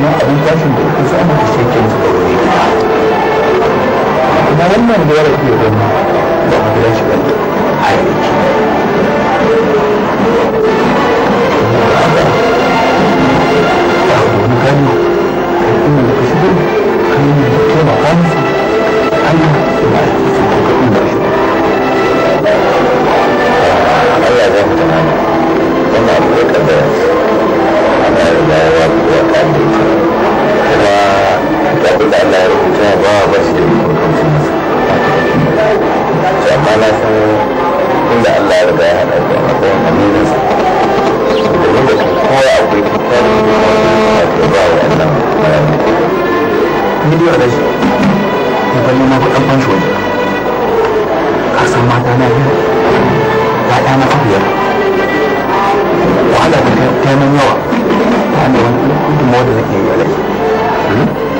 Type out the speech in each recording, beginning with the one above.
wannan abin tashin da kuka samu da shekin su da wuri kuma wannan da ya rage gani da ku kira shi wanda a gani da kuma da kashi da su ba a da kaddara amma ya riga abin da Allah ya rubuta ya ba ba shi da yi amma na san inda Allah ya riga ya haɗa da akwai aminin domin da kowa akwai tattalin da ba wa Allah bidiyo da shi ya kalli na kuɗin ban shi wajen san mata na biyu ya ɗa na biyar wahala da ta yawa ta ne wani gudunmawa da yi a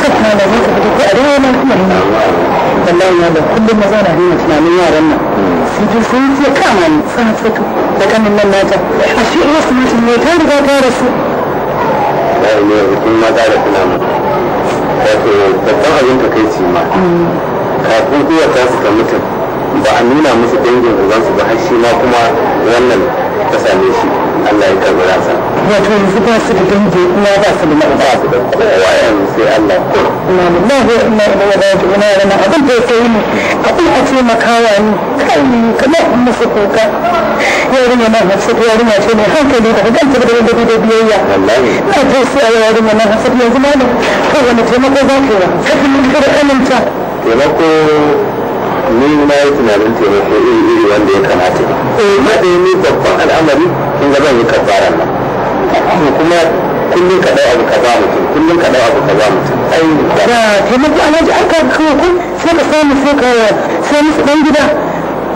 malamin su fito a rewa nan kuma nuna wallahi ya da kullum maza na nuna tunanin yaran nan su ji sun ce kama ne sun fito da kanin nan nata a shi ina su mutum ne ta riga ta rasu. ya yi ne rukun maza da tunanin wato babban abin ka kai ce ma kafin iya ta su ta mutum ba a nuna musu dangin su ba har shi ma kuma wannan ta same shi Allah ya karbi rasa. wato yanzu ba su da dangi kuma ba su da su da kowa yanzu sai Allah ga ina da abin da abin a ce makawa ni kai kamar in na ce hankali da ganta da da da biyayya na ta sai yarinya na yanzu ma da kowane taimako za ka yi sai aminta taimako ni na yi tunanin taimako iri iri wanda ya kamata ne eh. ɗaya babban al'amari in ga zan yi kafaran nan kuma kullum ka dau abu kaza mutum kullum ka dau abu kaza mutum ai da taimako alhaji aka kawo kun sai ka samu sai ka sai musu dan gida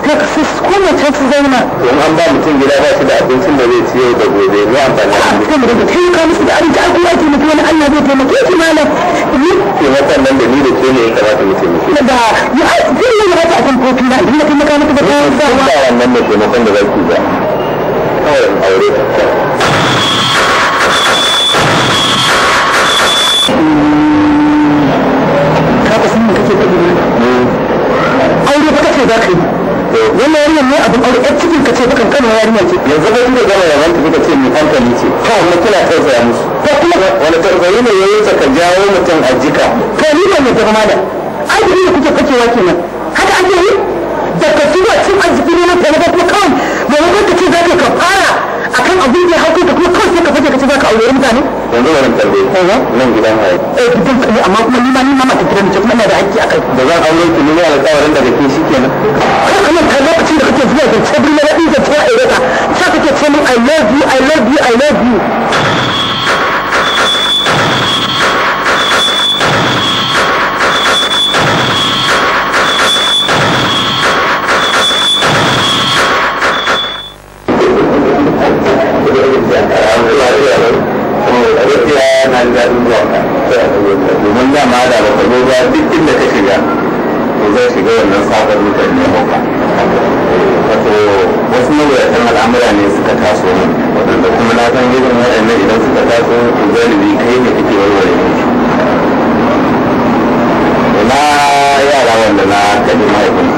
sai ka sai ko mace su zauna in an ba mutum gida ba shi da abincin da zai ci yau da gobe ne amfani da mutum da ka taimaka musu da abinci a kuma taimaki wani Allah zai taimake shi malam ni taimakon nan da ni da ke ne ya kamata mu taimake da ya zai yi mata a kan kofi na ina na taimaka maka da kayan sawa ba wannan ne taimakon da zai ki ba kawai aure aure ba kace za ka yi wannan yarinyar ne abin aure yar cikin ka ce bakan kana yarinya ce yanzu ba inda gama yaran ta kika ce mai hankali ce to amma kina tausaya musu ko kuma wani tausayi ne yayin ta ka jawo mutum a jika to ni ba mai girma da ai da ni kuke kacewa kenan haka ake yi da ka tuba cin arziki ne na talaba kuma kawai mai wani ka ce za ka fara akan abin da ya hauka ta kuma kawai sai ka fage ka ce za ka aure mutane yanzu wani karbe nan gidan haye eh amma kuma ni ma ni ma mata gidan ce kuma ina da haƙƙi akai da zan aure ki ne ya alƙawarin daga ke shikenan kai kuma kai lokacin da kake zuwa zance birni na ɗin zance a ireta sa kake ce min i love you i love you i love you dama da ba ka zo ba duk inda ka shiga to zai shiga wannan sakar mutan hauka wato wasu mawuyatan al'amura ne suka taso min waɗanda kuma na san irin waɗannan idan suka taso to galibi kai ne kake warware musu na yara wanda na kaɗi mahaifin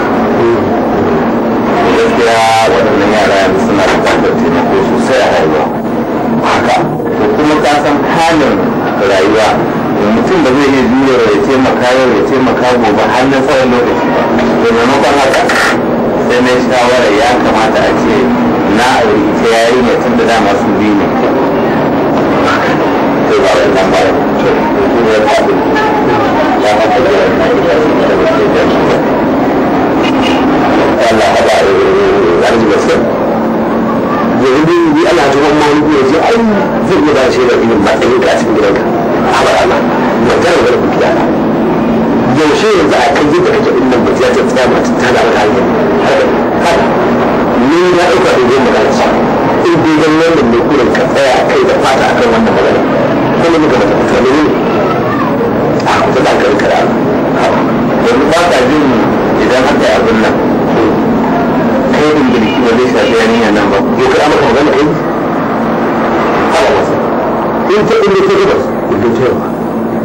gaskiya waɗannan yara yanzu suna buƙatar taimako sosai a rayuwa haka to kuma ka san halin rayuwa mutum da zai iya jure ya taimaka yau ya taimaka gobe har na tsawon lokaci ba to maimakon haka sai na shawarar ya kamata a ce na aure ita yarinya tun da dama su biyu ne to ba wai nan ba ya ta abin ya mata da na gida su ne da ba su da shi ba Allah haɗa a yanzu ba sai yanzu ni Allah ta wani ma wani kuma zai ai zai iya dace da irin matsayin ka a cikin gidanka a haɗa Allah wata da wani biya yaushe yanzu a kan yadda kake ɗin ba ta tsaya masu ta da wata hanyar ne ya ɗauka da zai magana sa in dai zan nan ne kurin ka tsaya kai da fata a kan wannan magana kuma muka mata mutane ne a kusa da kan kara wani ba jin idan haka abin nan kai ɗin girki ba zai shafi yanayi nan ba ko kai amurka magana kai in ta ɗin da ta gabas da ke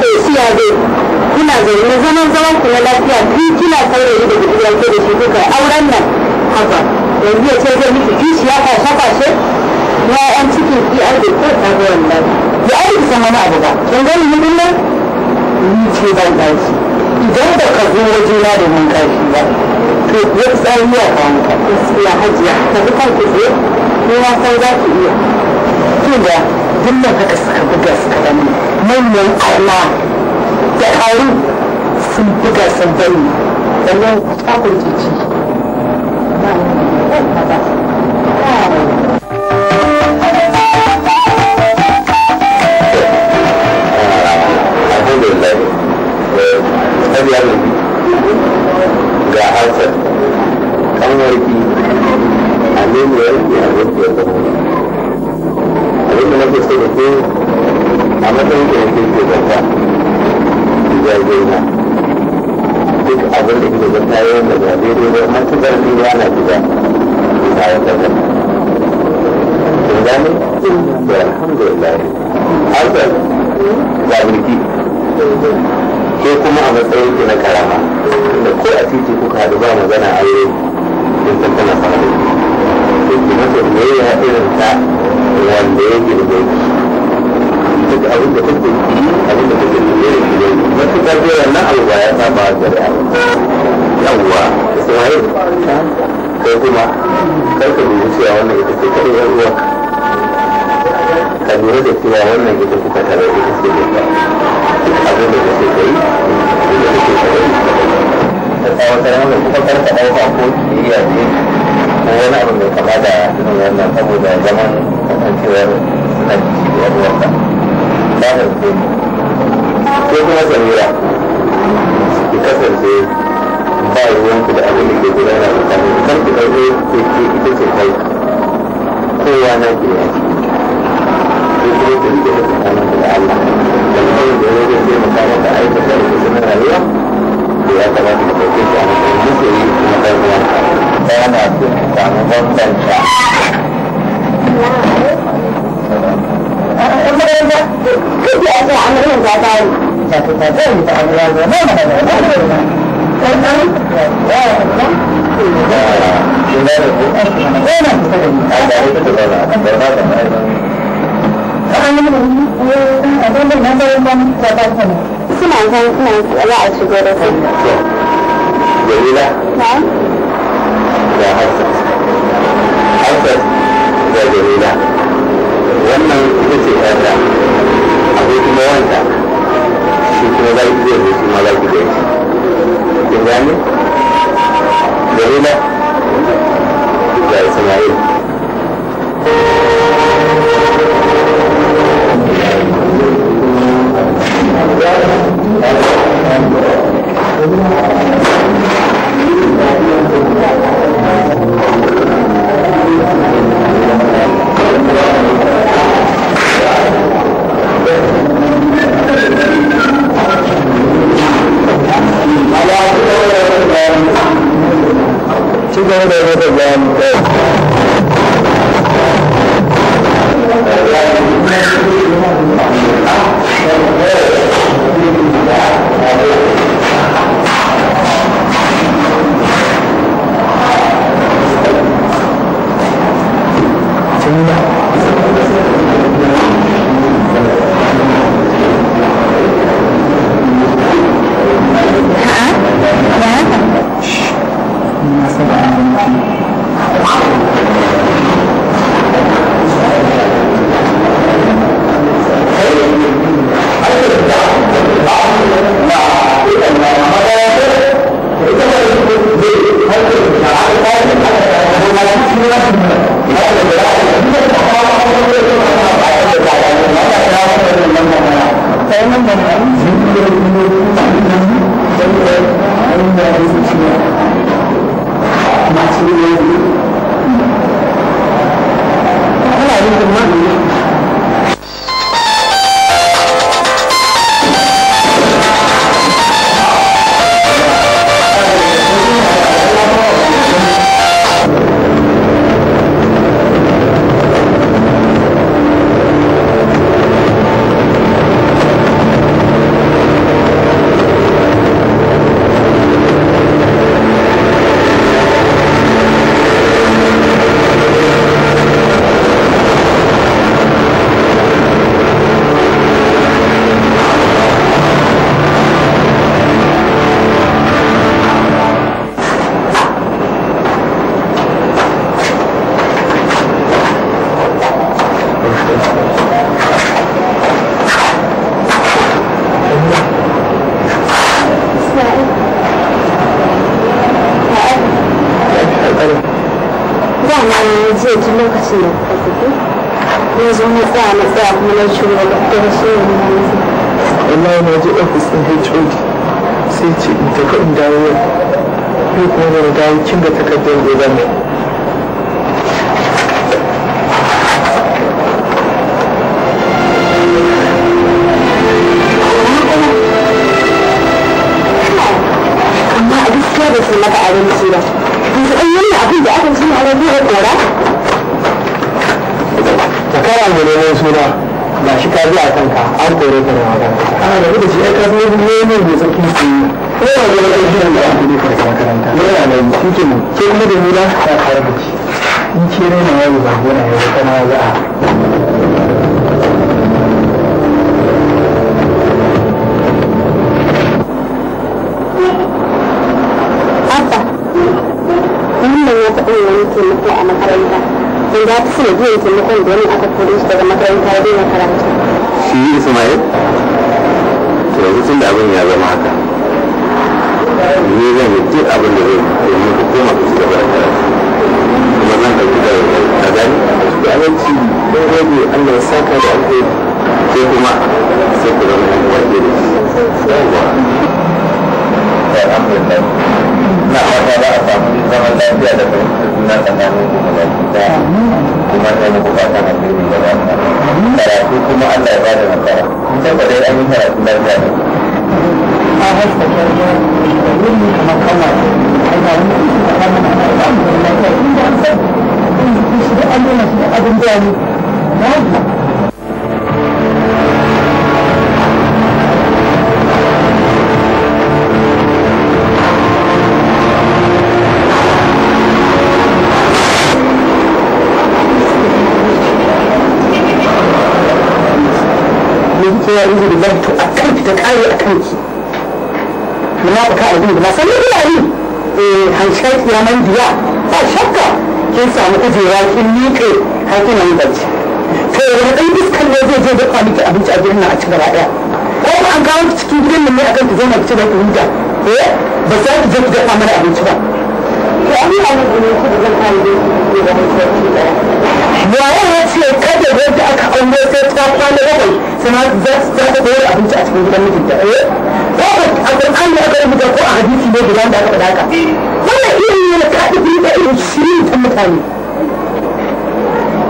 ke siya dai kuna zaune zaman zaman ku na lafiya tun kina saurayi da budurwar ke da shi kuka auren nan haka yanzu ya ce zai miki ya kwashe kwashe ya yan cikin iyar da ta tsaga wannan ya ai ki san wani abu ba kin gani mutum nan ni ce ban dace idan da ka zo wajena da mun kashi ba to ya tsari ya kawo ka gaskiya hajiya ta fi kan ku tsaye ko ya za ki iya kin ga duk nan haka suka buga suka danne manyan kaya da sun buga sun bari sannan takon jiki ga hansar kan a a a matsayin da yake ke zanta ya gaina duk abin da ke zanta ya yi da ba daidai ba masu zarfi ya na gida ya yi da zanta gane? da alhamdulillah arzal zabirki ke kuma a matsayin ki na karama da ko a titi kuka haɗu ba magana aure in tattala fara da ki masa biyayya irin ta wanda ya girbe ki ka ji abin da kake yi abin da kake yi ne ne wasu ka abu ya saba shari'a yawwa sai kai kuma kai ka dubi cewa wannan ita ce kai yan ka lura da cewa wannan ita kuka tare ita ce ne abin da kake kai abin da kake kai ta tsawatar kuma karka ɗauka ko kiyayya ce ko wani abu mai kama da irin wannan saboda zaman kasancewar suna kishi da yan uwanka ta kasance ko kuma samira ki kasance ba ruwanku da abin da ke gudana da kan kan ki ɗauke ke ita ce kai kowa na ke ya ci ko kuma ki rike da tsakanin da Allah da kai da ya ta da mutane da aikata da kusa na rayuwa da ya kamata ka ɗauke ɗan makaranta duk da ake amaryar ta kawo ta ya ya a Wannan ita ce da akwai kuma wanda shi kuma za ki zai zai kuma za ki zai ci kin gane dalila ga isma'il da kuma na ciwo Allah na je ofis ɗin HOD sai ce in tafi in dawo yau. Yau kuma da dawo kin ga takardar gobe. gona ba shi ka biya kanka an kore ka na wata a da kuka shi ya ka san ne ne mai sarki su yi ko da wata ɗan shirin da ake nufa da makaranta yana da yi shi ke mu ke kuma da nuna ta kare da shi in ce ne na wani ba gona yau kana wani a in da ta sani biyan taimakon da wani aka kore shi daga makaranta ya daina karatu. shi ismail to yanzu tun da abin ya zama haka ni zan yi duk abin da zai domin ku koma ku cigaba da kuma zan ɗauki da a gani da aminci don rage allah ya saka da alheri ko kuma sai ku zama wanda da shi. na fata za a samu zaman lafiya da fahimtar juna tsakanin mu da baki daya da ta yi bukatan alheri da ba ta karatu kuma Allah ya ba da nasara saboda an yi karatu lafiya da a haska kyauta da wuri kamar kawai a ga wani kusa da kamar ana da amfani lafiya inda an san in shi da an masu da abin da ya yi. ko ya rubu da to a kan ta kare a kan ki a gudu na sanin ya yi biya ba shakka kin samu kin miƙe har kina to wani ɗan ne zai je dafa miki abinci a gidan nan a ci gaba ɗaya ko an kawo cikin gidan nan ne ki zauna ki ci da ki huta eh ba za ki je ki dafa mana abinci ba to an yi abin da ne da zan kawo da da ya ce kada da aka aure sai ta kwana bakwai sai za ta abinci a cikin gidan mijinta ko eh? a Qur'ani aka rubuta ko a hadisi ne guda da aka faɗa wannan ilimi ne ka da irin shirin ta mutane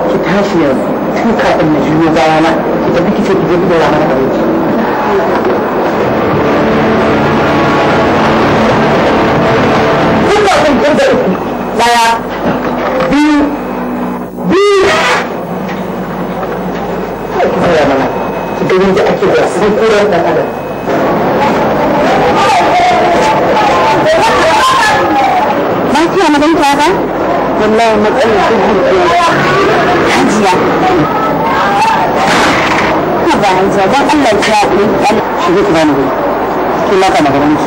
ki tashi yanzu tun na juyo bayana ki tafi ki ce ki je Allah ki tsaya mana da, ga yadda ake da sun kuran dan adam ba ki yana ba wallahi matsalar dubu hajiya ka ba hajiya dan Allah ki haɗu shiga ki bani gani ki maka maganar ki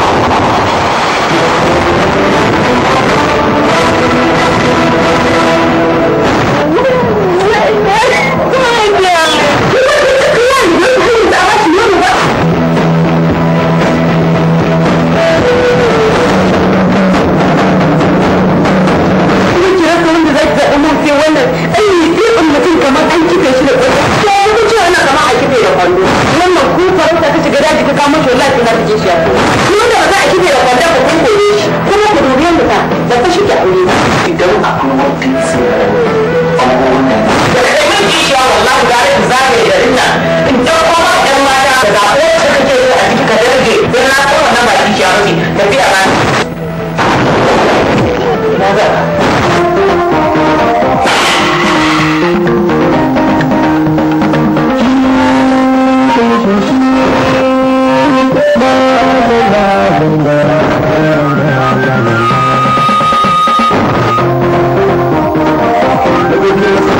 kamar an kife shi da kwallo to ya kuce wannan kamar a kife da kwallo wannan ku farauta ta shiga daji ka kama shi wallahi na take shi a kuma da za a kife da kwallo ba kun kore shi kuma ku dubi mu ta da ta shi ke aure idan akwai wanda ya tsira da kai mun ki shi wallahi gare da zagaye garin nan in dauko ma ɗan mata da zaɓo da kake yi a ciki ka darje don na san wannan ba ki shi ne mace tafiya ba ne you. emoji Müzik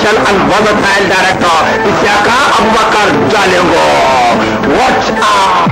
special and Volatile Director, Isiaka Abubakar Jalingo. Watch out!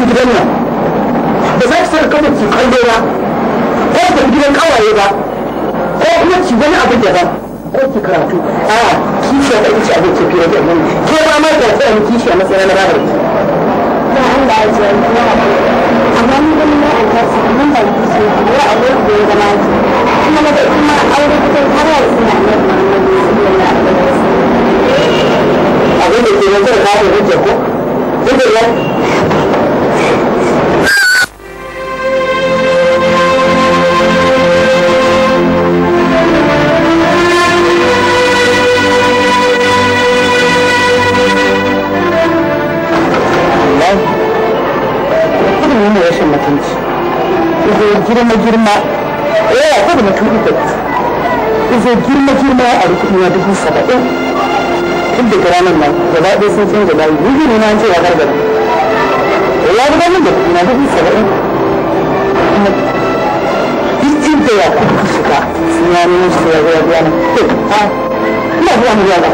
cikin gidan nan ba za ki sa kafa ki kallo ba ko ki gidan kawaye ba ko kuma ci wani abin da ba ko ki karatu a kishiya da ce abin ke fiye da mun ke ba ma da mu kishiya matsayin na babar amma ni gani na an su ba ki so ya a da ya zama ki kuma da kuma aure kuka har ya abin da ke nan kada ka ko duk da ne rashin mutunci izo girma girma eh ko da mutum ita izo girma girma a rukuni na dubu saba'in tun da ranar nan gaba ɗaya sun gaba yi. dubu ne na ce ya gargara eh, ya guda da na dubu saba'in duk inda ya kuka shiga sun ya nuna shi ya zuwa biya na ina zuwa mu biya da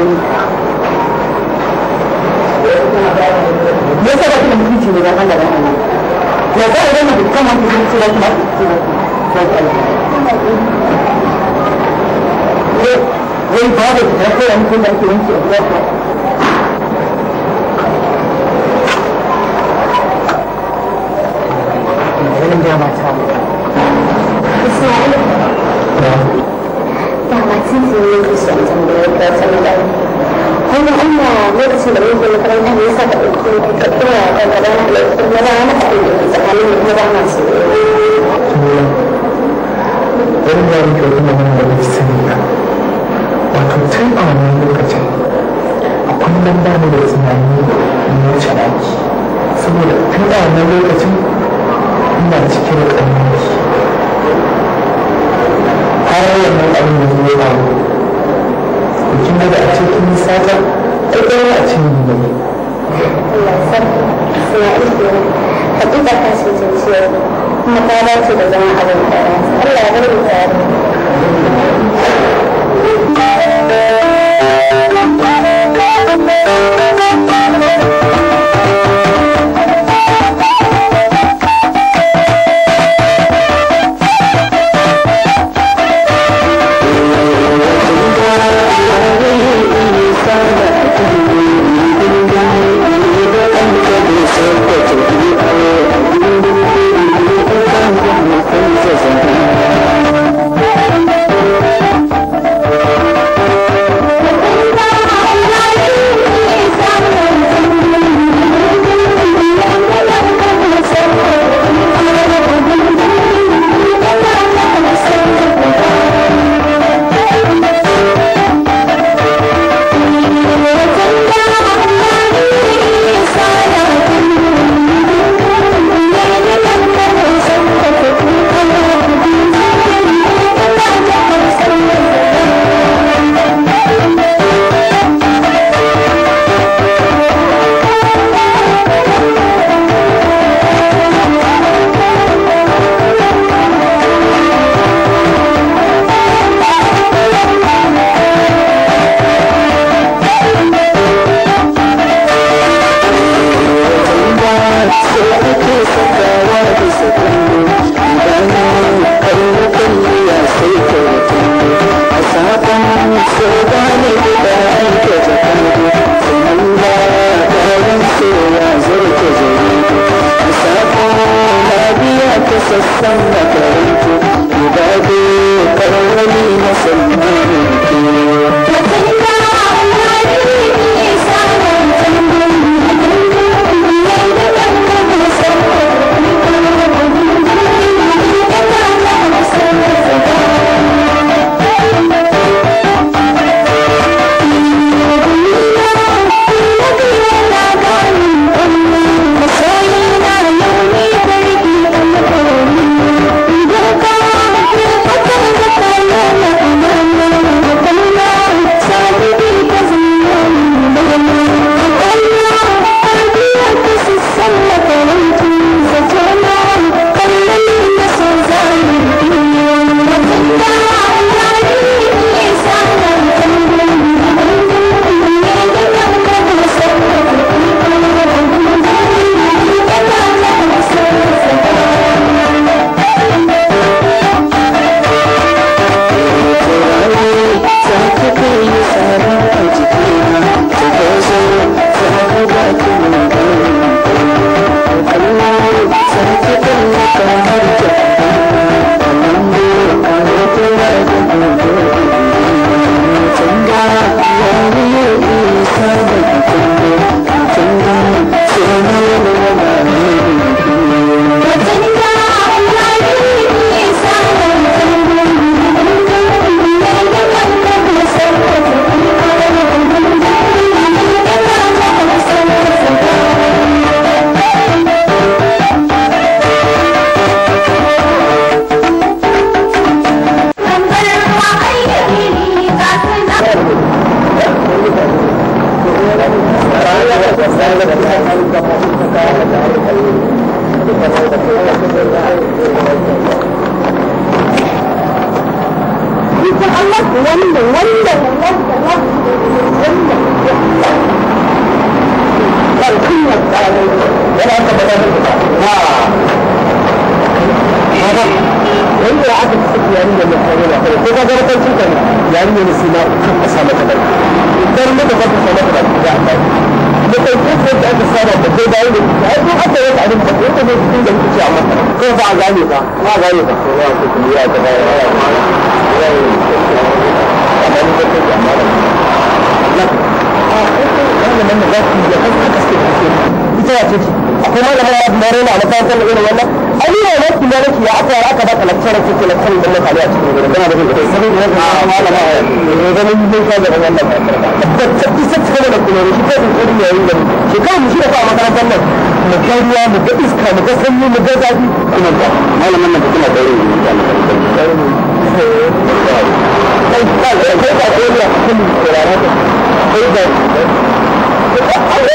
ya saba kuma mutunci ne ya za a zama dukkan wani irin kuma da yanki a Thank you. sisi ne ke da da na ke lokacin cikin har wannan abin da zai ba mu kin da a ce kin sata ai ba a ce mun ba Allah san sai ce ce kuma ta da zama abin da Allah ya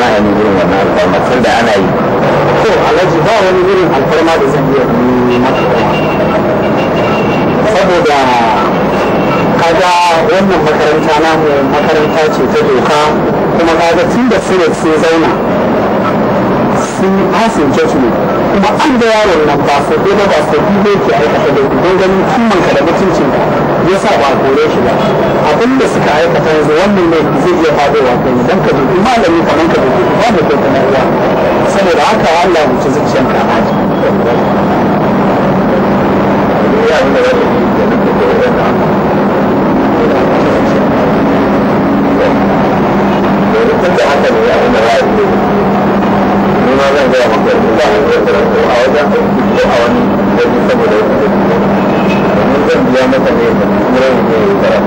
za a yi irin wannan alfarma tun da ana yi ko alhaji ba wani irin alfarma da zan iya saboda kaga wannan makaranta namu makaranta ce ta doka kuma kaga tun da sinet sun zauna sun yi fasin judgment kuma an da yaron nan ba su ko ba bi ne ke aikata da don ganin kimmanka da mutuncin ka ya sa ba kore shi ba abin da suka aikata yanzu wannan ne zai iya fadowa kan dan ka dubi malami kaman ka dubi ba da kai kuma uwa saboda haka Allah mu ci zuciyar ka na gaya maka za a yi ko a wajen aiki ko a wani wani saboda wata biya maka ne da turai ne ya tara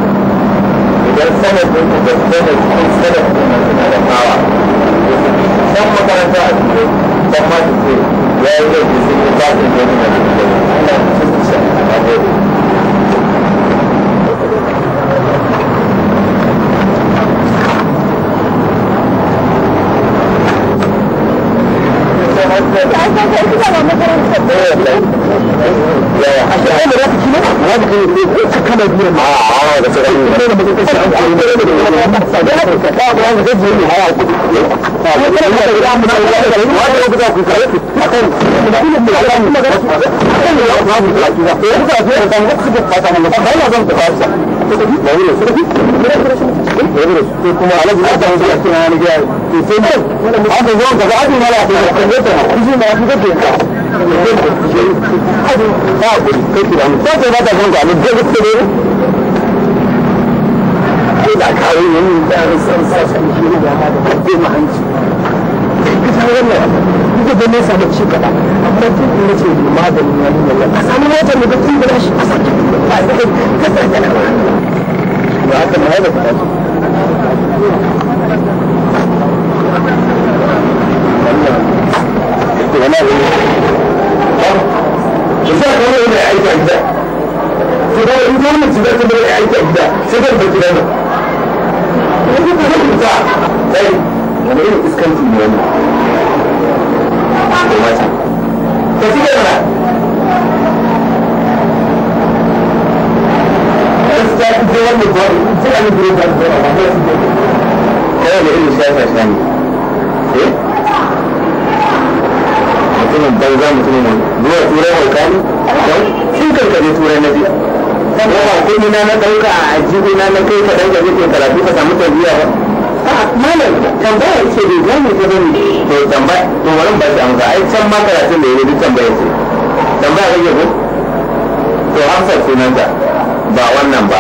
idan sanar da da da ya yi na cikin ana cikin shi a kuma alaji na sai dai haka zo ka ga abin yana da kan yadda shi ma fi kake ka ba ku kai ki da sai ba ta ga duk ne ko da da san sa san shi ne da ma ko wannan da ne da amma magani ne ne a samu da kin shi a ba sai ba da ta wani abu ki sa kamar yana aiki a gida ki ga in zo mu shiga aiki a gida sai zan bar gidan nan yanzu ku zan yi mutumin banza mutumin wani zuwa turai mai kani sun karkare turai na biyu kuma ba komai na na ɗauka a ajiyu na na kai ka ɗauka zai karatu ka samu tarbiyya ba malam tambaya ce bai gane ta bane to tambaya to wurin ba ta amsa ai can ma karatun da yake tambaya ce tambaya kake ko to amsar sunanta ba wannan ba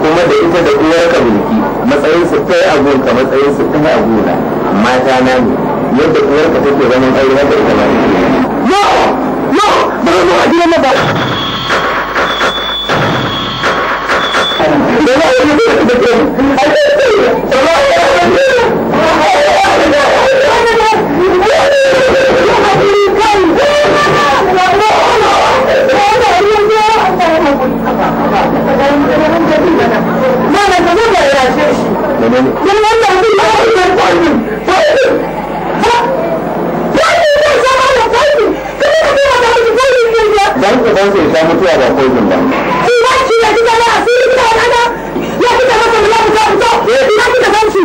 kuma da ita da uwar ka bilki matsayin su kai a gonka matsayin su kai a gona mata na ne yadda uwar ka take zaman aure haka ita ma yo yo ba zo a nan ba Thank you. dan uban sai ta mutuwa ba poison ba shi ba shi ya kika ba asiri kika wata ya kika masa mulamu ta fito ya kika san shi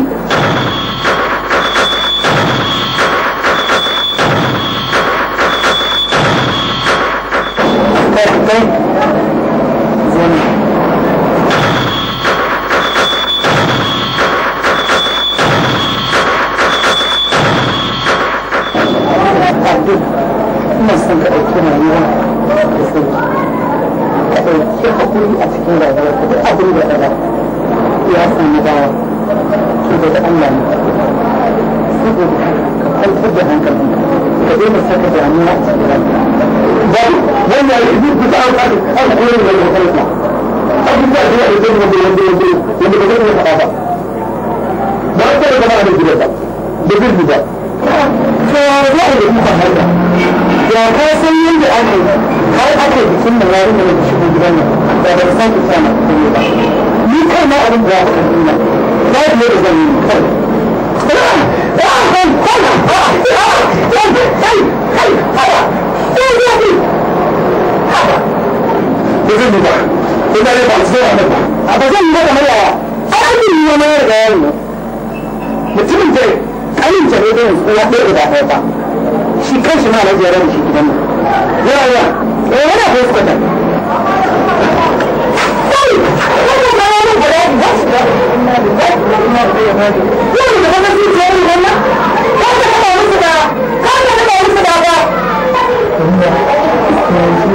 uwa ɗaya uba ɗaya ba shi kan shi ma ziyara da shi gidan nan yawa yawa eh yana ko suka ta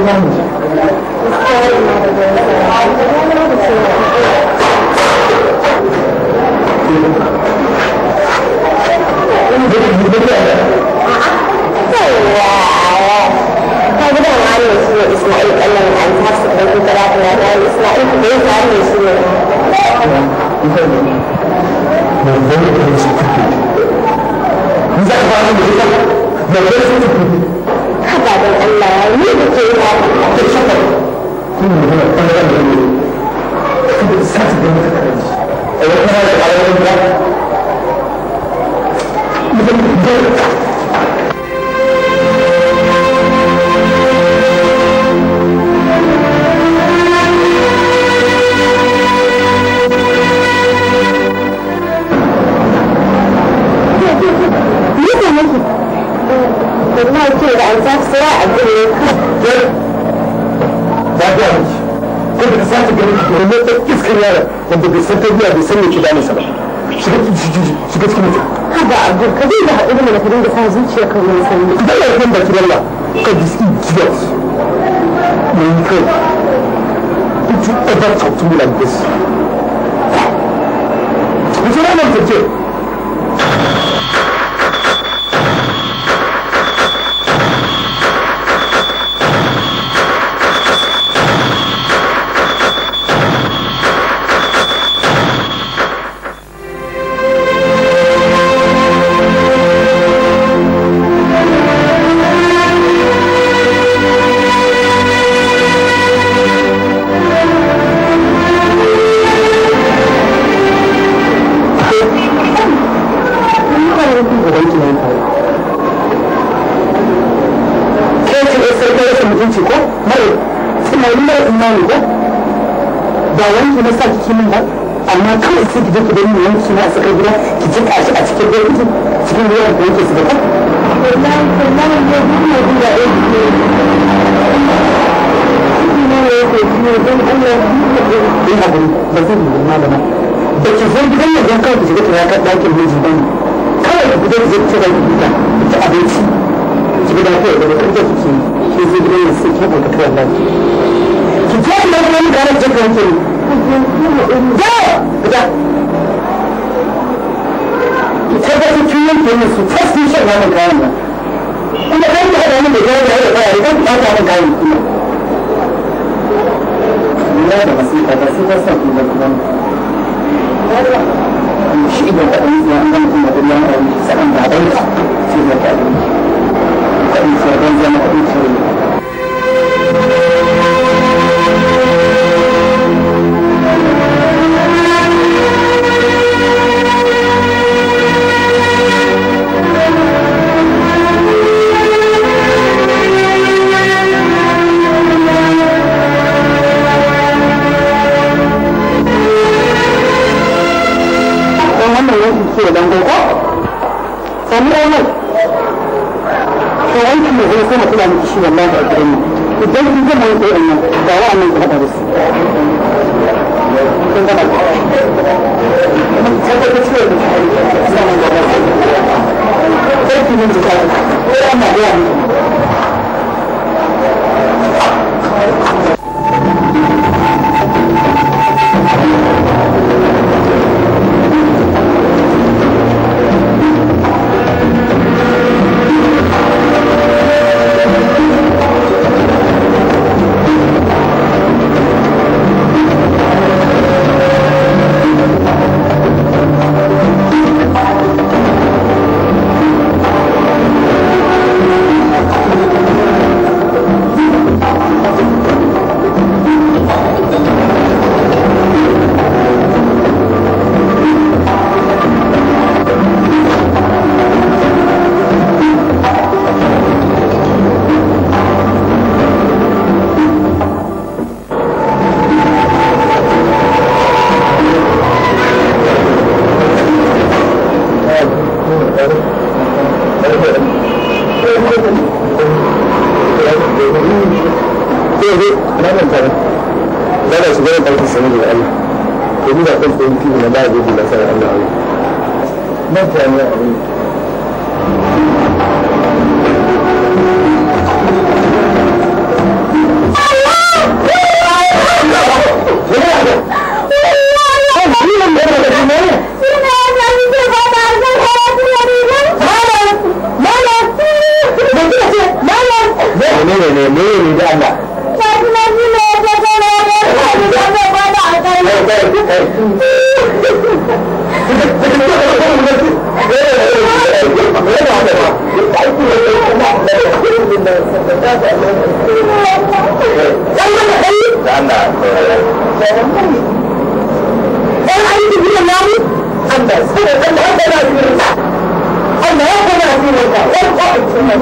Thank you. 你不对。啊？对呀，他不但俺们是伊斯兰一个人，俺他是不是在那边来伊斯兰一个人，俺们是。你看你，我我也可以是自己。你在哪里？你在？我也是自己。他咋的？俺们也不对呀。对，是的。你们刚刚你，是不是上次跟我讲的？我刚才讲的。wanda bai san tarbiyya bai san me ke damunsa ba shiga cikin mutum haba abin ka zai da haɗu da ka dinga sa zuciya kan wani sanyi zai da kan baki lalla ka ji su jiya yi kai did you ever talk to me like this? Mutum ce, ki sa ki min ba amma kawai sai ki je ki dani suna a sakar gida ki ji kashi a cikin gari cikin ruwan da yake su da kai wallahi wallahi ne gudu ne da ya ne ne ko ne ne hakuri yi da ki zo gidan nan kawai kawai da gida abinci ki ko da da kike ki zo gidan nan sai ki ka ta ki je ki ga wani garin tabbatar kin yanke min su tasbi shan wannan kayan nan kuma kan ta hada da da da kan ta kayan kuma Allah da wasiƙa da su kuma shi da yi zuwa an gama kuma duniya mai sa'an da bai sai da ta gama kula miki shi wallahi a gidan mu idan kin gama yin tsoron nan ba wa annan ka haɗa da su kin gama sai ka ciwo da Mama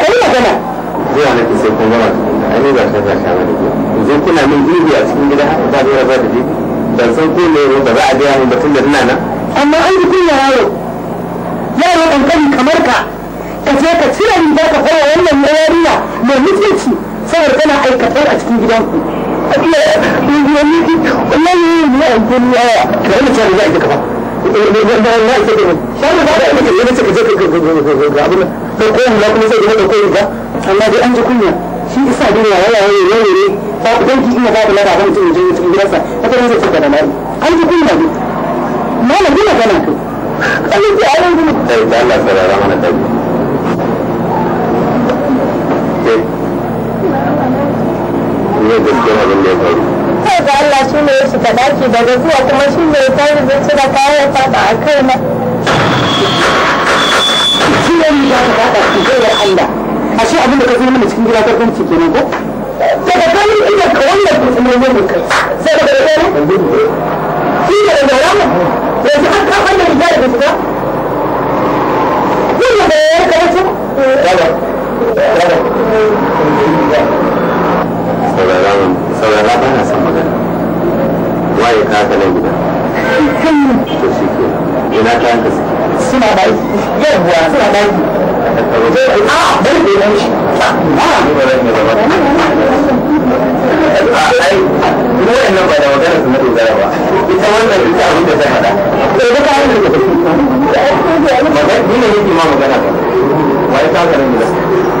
kai magana. Zuwa na ke sai kun gama ba ta ba da Yanzu kuna min girbi a cikin gida haka ba zai raba da ni. Ban san ko ne ba za a biya ba batun da ina na. Amma an ji kunya yaro. Yaro kamar ka. Ka je ka cire rigar ka fara wannan yarinya mai mutunci saboda tana aikatar a cikin gidan ku. amma dai an ji ba ku danki ina ba da da mali an ji kunya ne malam ina gana to kalin ji ayon gudu ga Allah su ne ya shiga daki daga zuwa kuma shi ne ta tare da su da fata a kai na. Shi ne ya fata ki zai Allah. Ashe abin da ka zama mana cikin gida ta kunci kenan ko? Daga ganin ina ka wannan kusurin yin da kai. Sai daga gani? Shi ne da rama. Yanzu an kafa da riga da fuska. Yin da ya karatu. Rama. Rama. saurara ba na san magana waye ka gida to shi ke ina ta suke suna suna a da yana shi ai ba su na dogara ba ma magana ba ka haka na gida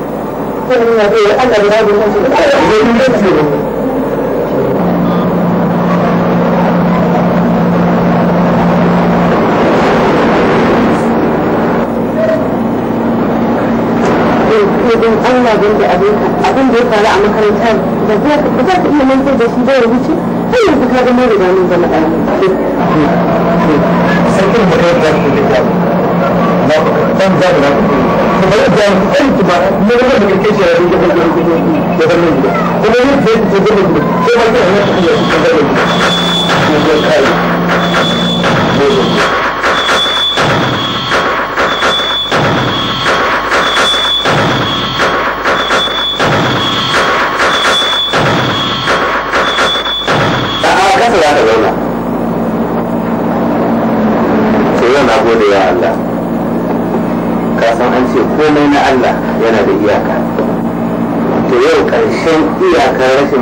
don Allah don da abin abin da ya faru a makarantar da za ka ba za ka iya mantar da shi da ya wuce har yanzu ka ga mun da mun zama ɗaya. Sarkin da kai da ku da dan za da kuma ya ga kai kuma ne da kake shi da kake da kake da kake kuma ne sai da kake da kake da kake da kake da kake da kake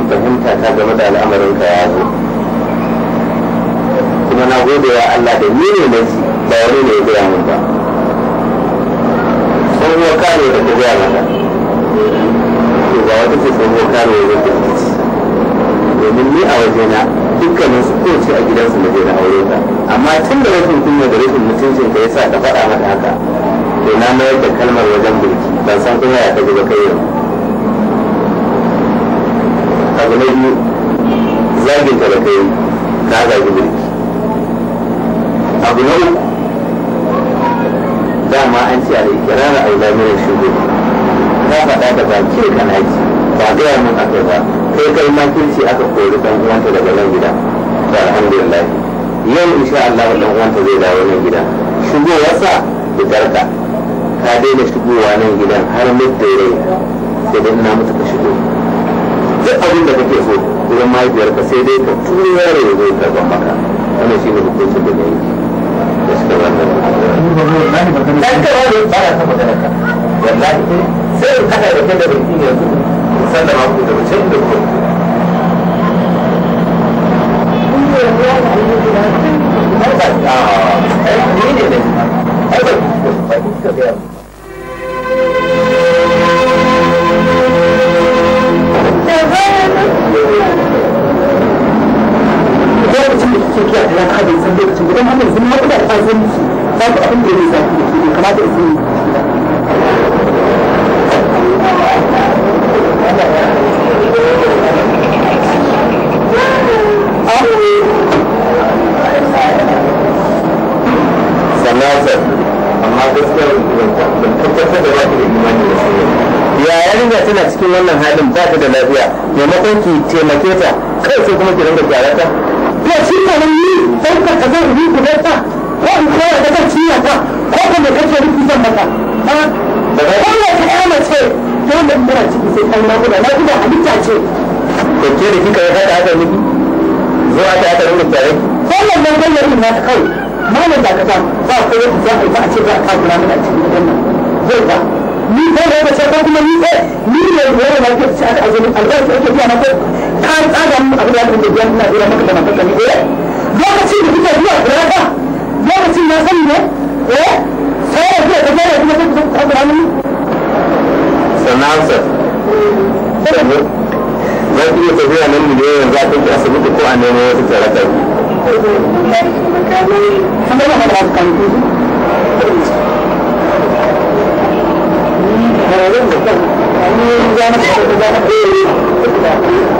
rashin fahimta ta game da al'amarin ka ya zo kuma na gode wa Allah da ni ne mai ba wani ne ya gaya min ba tsohuwar kare da ta gaya mata to ga wata ce ya kare da ta domin ni a wajena dukkanin su ko ce a gidansu na je na aure ta amma tun da rashin kunya da rashin mutuncin ka yasa ka faɗa mata haka to na mayar da kalmar wajen birki ban san kuma ya ta gaba kai yanzu abu na biyu zagin ta da kai ka zagi mulki abu na uku dama an ce a da ikirara a ilamirin shugaba ka faɗa da bakin ka ji ba gaya mun aka ba kai kai makirci aka kori dan uwanta daga nan gida da alhamdulillah yau insha Allah dan uwanta zai dawo nan gida shigowarsa fitar ka ka daina shigowa nan gidan har mutu rai sai dai ina abin da kuke so wurin mahaifiyarka sai dai ka turo yaro ya zai karban maka wannan shi ne hukuncin da ne da suka zanga da sai in da da da da ku azumci ba abin da ya amma gaskiya da da tana cikin wannan halin ba ta da lafiya maimakon ki taimake ta kai sai kuma ki rinka gyara ta ya shi kanan ni ka kazan ku ta ko in koya da kan ciwon ka ko kuma kake rufi zan maka ko ya ta ya mace ko in mura ciki sai kai nakuda nakuda halitta ce to ke da kika yi haka haka miki zuwa ta haka rubuta tare sallan nan gallarin na ta kawai malam da ka ba ko yadda za a yi ba a ce za a kakura mana a cikin gidan nan zai ba ni ko da ba ce ko kuma ni ko ni ne da yawa ke ci azumi ake biya na ko ka tsaga mu abin da ya kuma biya ina biya maka da maka ne eh lokacin da kuka zuwa lokacin na sani ne eh sai ya fiye da gare kuma sai ku kusa da hannu sana'arsa sabo za ku iya tafiya nan mu da yawan za ku ki asibiti ko a nemo wasu tsaratar Thank you.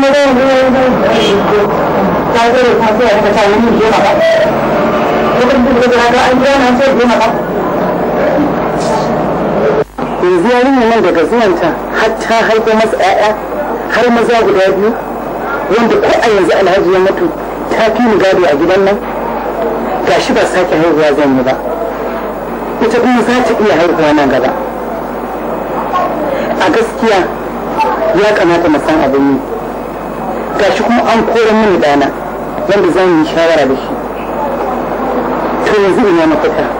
那个那个那个，他这里他是那个啥物事嘛？我跟这个那个安装那些物嘛？yanzu yarinyar nan daga zuwanta har ta haifo 'ya'ya har maza guda biyu wanda ko a yanzu alhaji ya mutu ta fi ni gado a gidan nan ga shi ba sake haihuwa zan yi ba ita kuma za ta iya haihuwa nan gaba a gaskiya ya kamata mu san abin yi gashi kuma an koyar mini dana wanda zan yi shawara da shi to yanzu ina mafita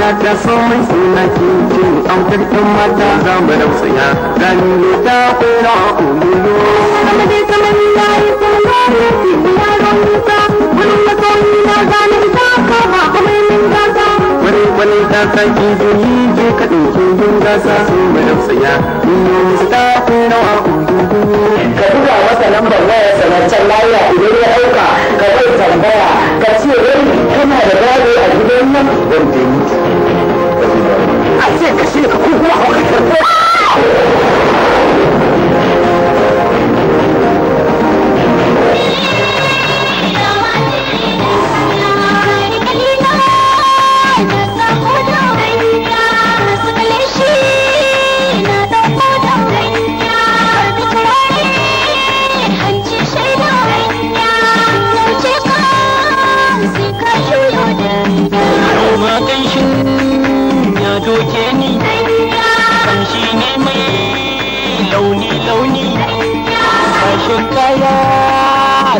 na ta sauran suna kinci autar ɗan mata za mu rausaya gani ne ta kora kumulo. Sama dai saman yayi kuma ne ti biya rahuta wani masoyi na zanen ta ka ba kuma yin gasa. Wani wani ta saki jini je ka ɗauki yin gasa su mu rausaya. Yin yi musta kora kumulo. ka buga masa lambar wayar sanaccen layuwa idan ya ɗauka ka bai tambaya ka ce wai kana da gado a gidan nan ban da yi a sai ka shi ka kuma ka karɓo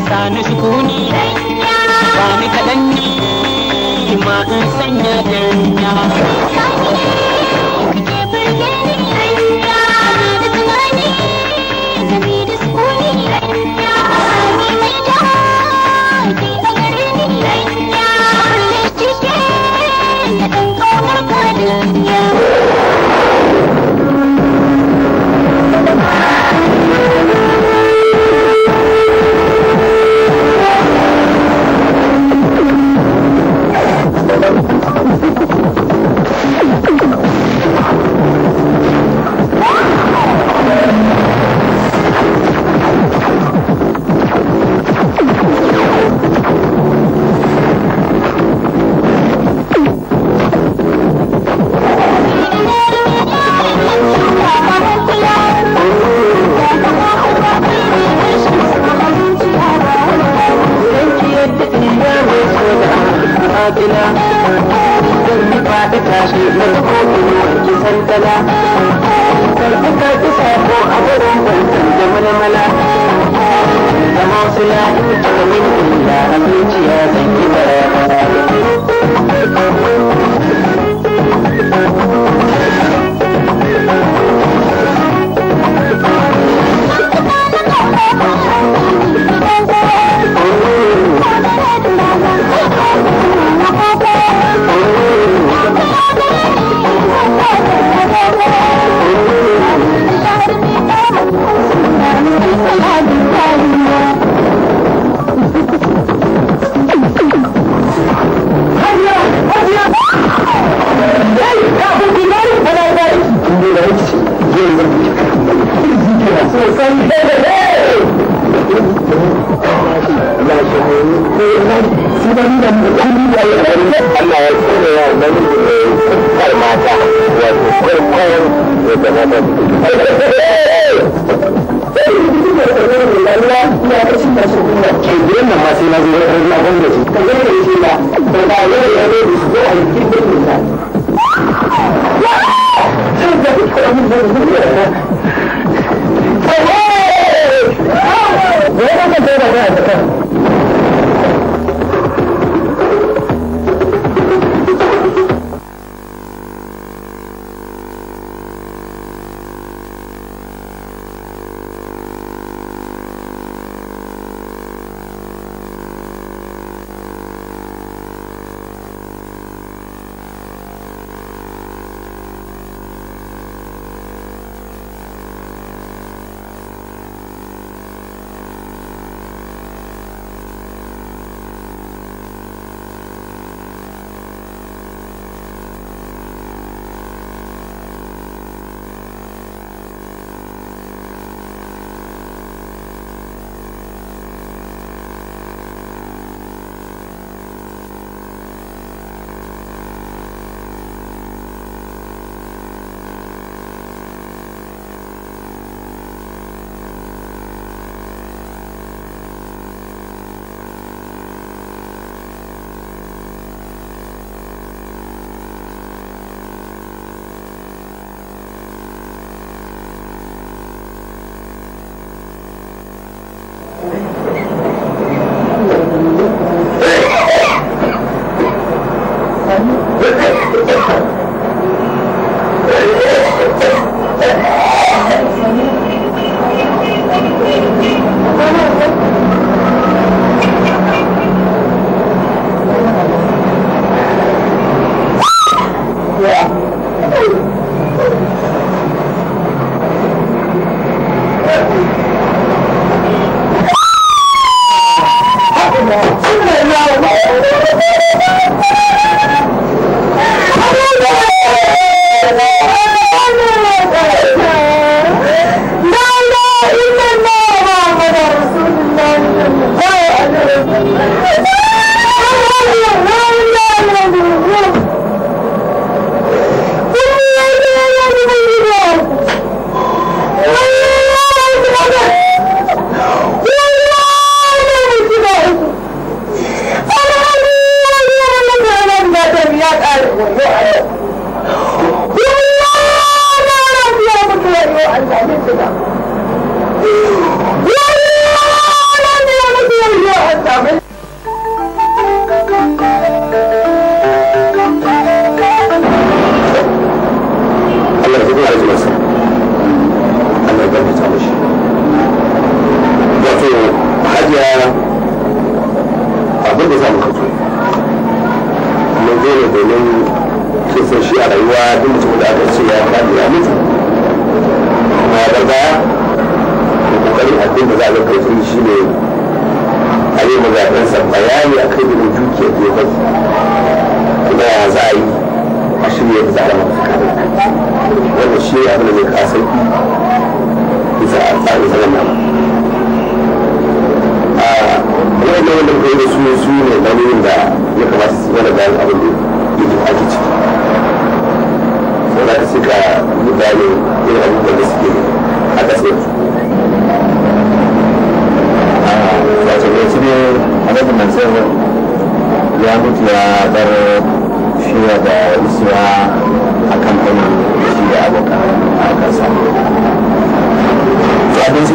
sani sukuni ni kaɗan ni ma in sanya danya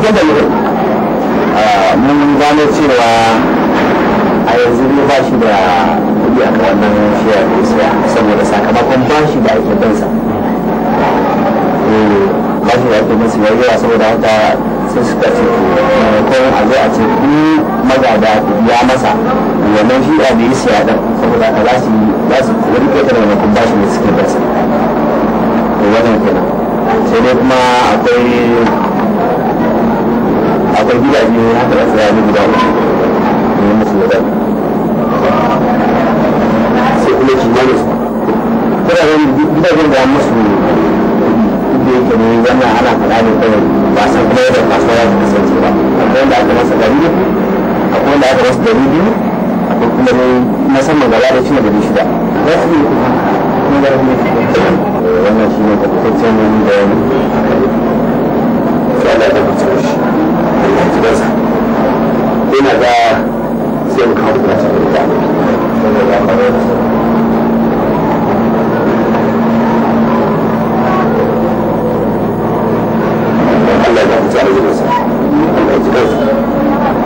cikin dalilin ah, mun gano cewa a yanzu ne ba shi da kuɗi a kan wannan da isiya saboda sakamakon ba shi da ake bansa eh, ba shi da ake bansa ya yawa saboda haka sai suka ce ko a zo a ce ku magada ya masa wannan shi da ya siya ɗan saboda haka za su za su kori kai da wannan ba shi da suke bansa wannan kenan sai dai kuma akwai akwai gidaje haka da tsirani guda uku ne musu da dani sai kuma kimanin su kuraren gidajen da musu da yake ne wannan ana faɗa ne kawai ba san kuma yadda kasuwa ya kasance ba akwai wanda aka masa dari akwai wanda aka masa dari biyu akwai kuma ne musamman gaba da shida da shida za su yi wannan shi ne tabbataccen bayani. Sai da ta kusa shi. gidansa ina ga sai mu kawo bukata da ita Allah ya fita arzikinsa Allah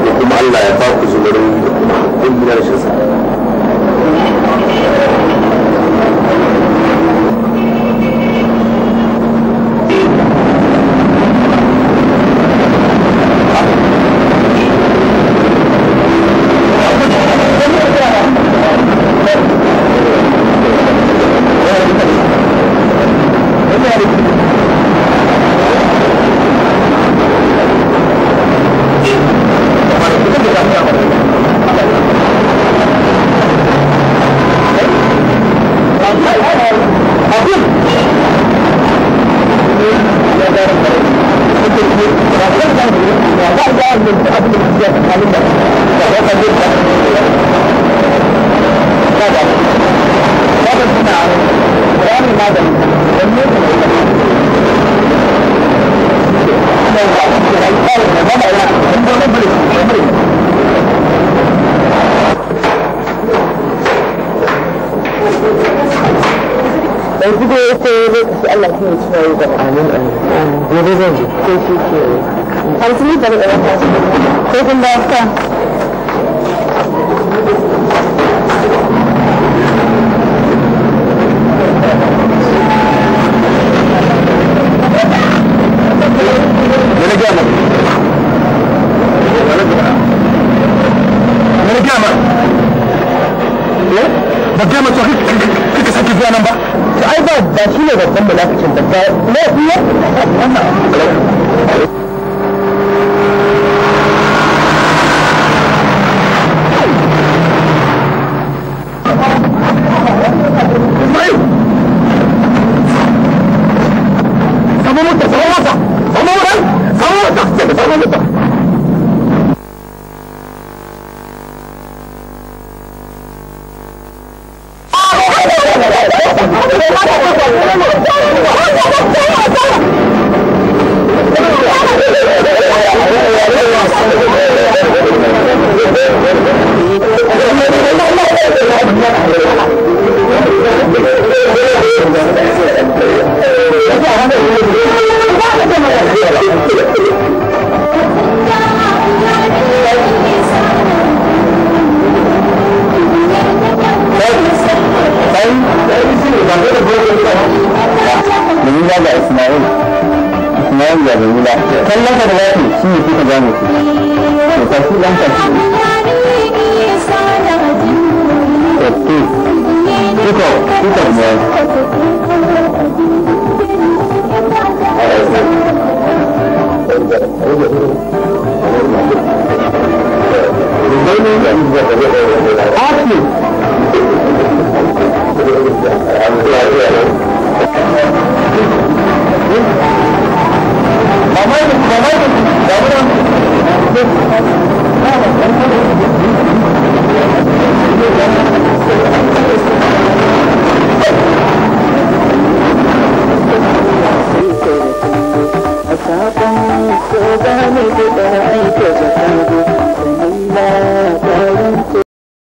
ya kuma Allah ya ba ku zumurin da kuma kun gina sa. yanzu dai sai lokaci Allah shi ne cewa amin amin gobe zan Eh? ba ga mata kika sake zuwa nan ba ai ba ba shi ne babban munafikin ba ba lafiya